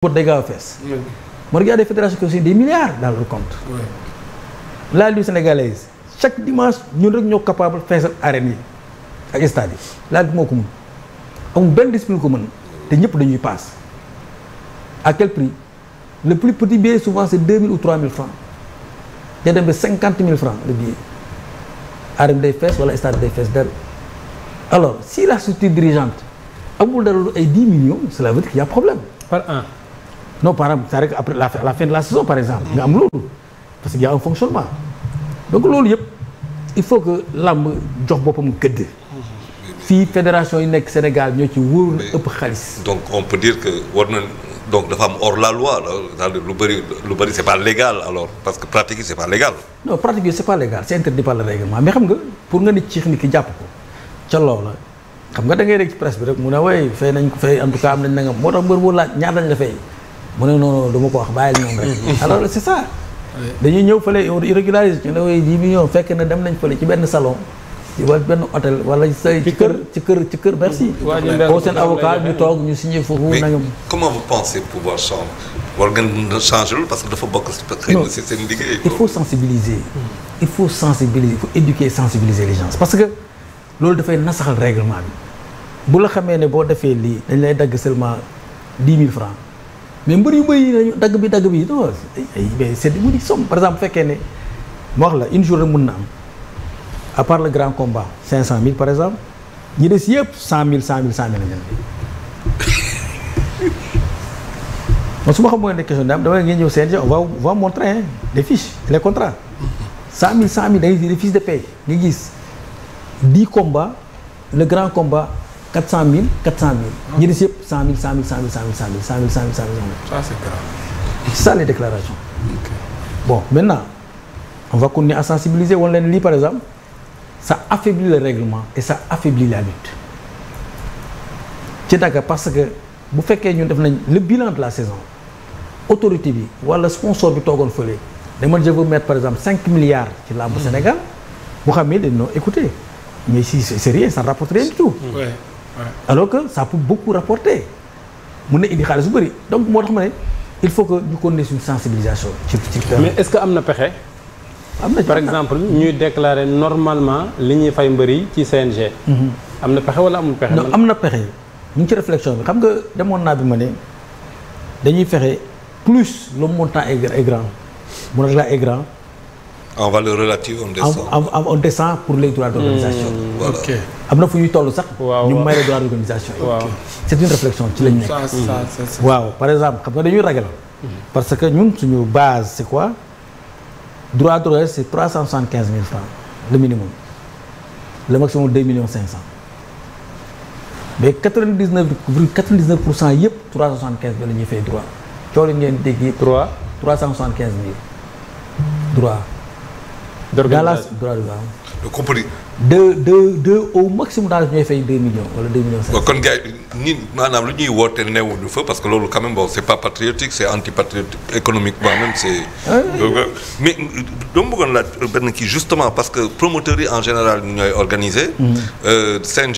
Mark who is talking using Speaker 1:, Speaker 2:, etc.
Speaker 1: pour des gars fees. ma regarde fédération qui aussi des milliards dans leur compte. Oui. la sénégalaise chaque dimanche ñun rek ñoo capable feesal arène yi ak stade yi la lutte moo ko mën amul benn discipline ko mën te ñëpp dañuy paas à quel prix le plus petit billet souvent c'est deux ou trois mille francs day dem ba cinquante mille francs le billet arène day fees wala stade day fees dellu alors si la structure dirigeante amul dara lu ay dix millions cela veut dire qu'il a problème. par non par exemple cest après la fin, la fin de saison par exemple nga am loolu parce que y a fonctionnement donc loolu yëpp il faut que làmb jox boppam gëdd fii fédération yi nekk Sénégal ñoo ci wóor ëpp xaalis donc on peut dire que war na donc dafa am hors la loi cest à lu bëri lu bëri c'est pas légal alors parce que pratique yi c'est pas légal non pratique yi c'est pas légal c'est interdit par le règlement mais xam nga pour nga nit ciix ni ki jàpp ko ca loola xam nga da ngay rek ci presse bi rek mu ne way fay lañ la fay mu ne noonu du ma ko wax bàyyil ñoom rek. Mm-hmm. alors c'est ça. dañuy ñëw fële irrégulariser ñu ne waaye million fekk na dem nañ fële ci benn salon. ci benn hôtel wala say ci kër ci kër ci kër merci. Mm-hmm. waaw seen avocat ñu toog ñu signé foofu nangam. comment vous pensez pouvoir changer. que dafa bokk xëy na si seen liggéey. il faut sensibiliser. il faut sensibiliser il faut éduquer sensibiliser les parce que loolu dafay nasaxal règlement bi bu la xamee ne boo defee lii dañ lay dagg seulement dix mille francs. mais mbër yu may dañu dagg bi dagg bi non mais c'est mu di somme par exemple fekkee ne ma wax la une journée mun na am à part le grand combat 500000 par exemple ñi des yëpp 100000 100000 100000 lañ leen man su ma xam mooy ne question daam ñëw CNG on va on va montrer hein les fiches les contrats 100000 100000 da ngay de paie nga gis di combats le grand combat. quatre cent mille quatre cent mille. Ah. ñu des yëpp cent mille cent mille cent mille cent mille cent mille cent mille cent mille cent mille. ça c'est grave. ça les déclarations. ok bon maintenant on va continuer à sensibiliser woon leen lii par exemple ça affaiblit le règlement et ça affaiblit la lutte ci Dakar parce que bu fekkee ñun def nañ le bilan de la saison autorité bi wala sponsor bi toogoon fële dama je veux mettre par exemple cinq milliards ci làmb mm. Sénégal boo xam ne dañu noo écouter mais si c'est rien ça ne rapporte rien du tout. Ouais. alors que ça peut beaucoup rapporter mun na indi xaalis bu bëri donc moo tax ma ne il faut que ñu continuer suñu sensibilisation. ci ci mais est-ce que am na pexe. am na par exemple ñuy déclarer normalement li ñuy fay mbëri ci CNG. Mhm. am na pexe wala amul pexe. non am na pexe ñu ngi ci réflexion bi xam nga demoon naa bi ma ne dañuy fexe plus le montant est grand le montant est en valeur relative on descend. En, en, on pour les droits d'organisation. Mmh, am na fu ñuy toll sax. ñu may les droits d'organisation. waaw une réflexion ci la ñu nekk. Hmm. waaw par exemple xam nga dañuy ragal. Hmm. parce que ñun suñu base c' est quoi droit d'organisation c' est trois cent soixante quinze mille francs le minimum le maximum deux millions cinq cent. mais quatre vingt dix neuf virgule quatre pour cent yëpp trois cent soixante quinze mille la ñuy fay droit coono ngeen dégg. droit trois cent soixante quinze mille de dans la waaw. compris. deux deux deux au maximum daal ñooy fay deux millions wala deux kon gars yi ñun lu ñuy woote newuñu fa parce que loolu quand même bon c' est pas patriotique c' est antipatriotique économiquement même c' est. Euh, mais dama bëggoon laaj benn kii justement parce que promoteurs yi en général ñooy organiser. Mm. Euh,